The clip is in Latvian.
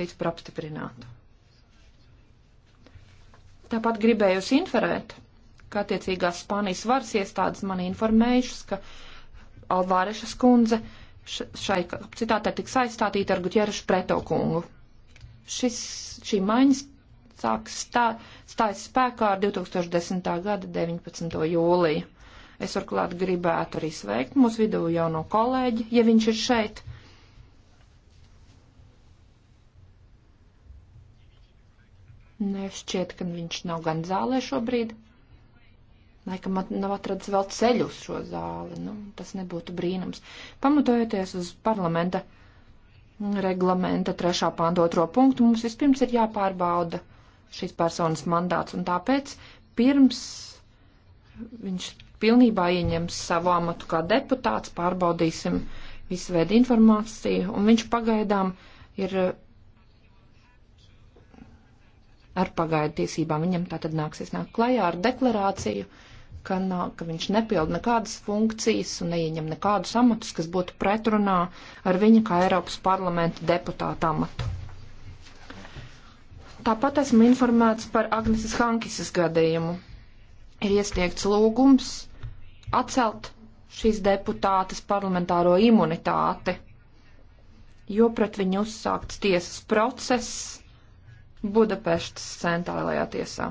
uzskatīts par apstiprinātu. Tāpat gribēju jūs informēt, ka attiecīgās Spānijas varas iestādes man informējušas, ka Alvārešas kundze šai citātē tiks aizstātīta ar Gutjerašu pretokungu. Šis, šī maiņas sāks stā, stājas spēkā ar 2010. gada 19. jūliju. Es varklāt gribētu arī sveikt mūsu vidū jauno kolēģi, ja viņš ir šeit, Nē, šķiet, ka viņš nav gan zālē šobrīd. Laikam at, nav atradis vēl ceļu uz šo zāli. Nu, tas nebūtu brīnums. Pamatojoties uz parlamenta reglamenta trešā pānta otro punktu, mums vispirms ir jāpārbauda šīs personas mandāts, un tāpēc pirms viņš pilnībā ieņems savu amatu kā deputāts, pārbaudīsim visu veidu informāciju, un viņš pagaidām ir ar pagaidu tiesībām. Viņam tā tad nāksies nākt klajā ar deklarāciju, ka, nā, ka viņš nepilda nekādas funkcijas un neieņem nekādus amatus, kas būtu pretrunā ar viņa kā Eiropas parlamenta deputāta amatu. Tāpat esmu informēts par Agneses Hankisas gadījumu. Ir iesniegts lūgums atcelt šīs deputātes parlamentāro imunitāti, jo pret viņu uzsākts tiesas process Budapeštas centrālajā tiesā.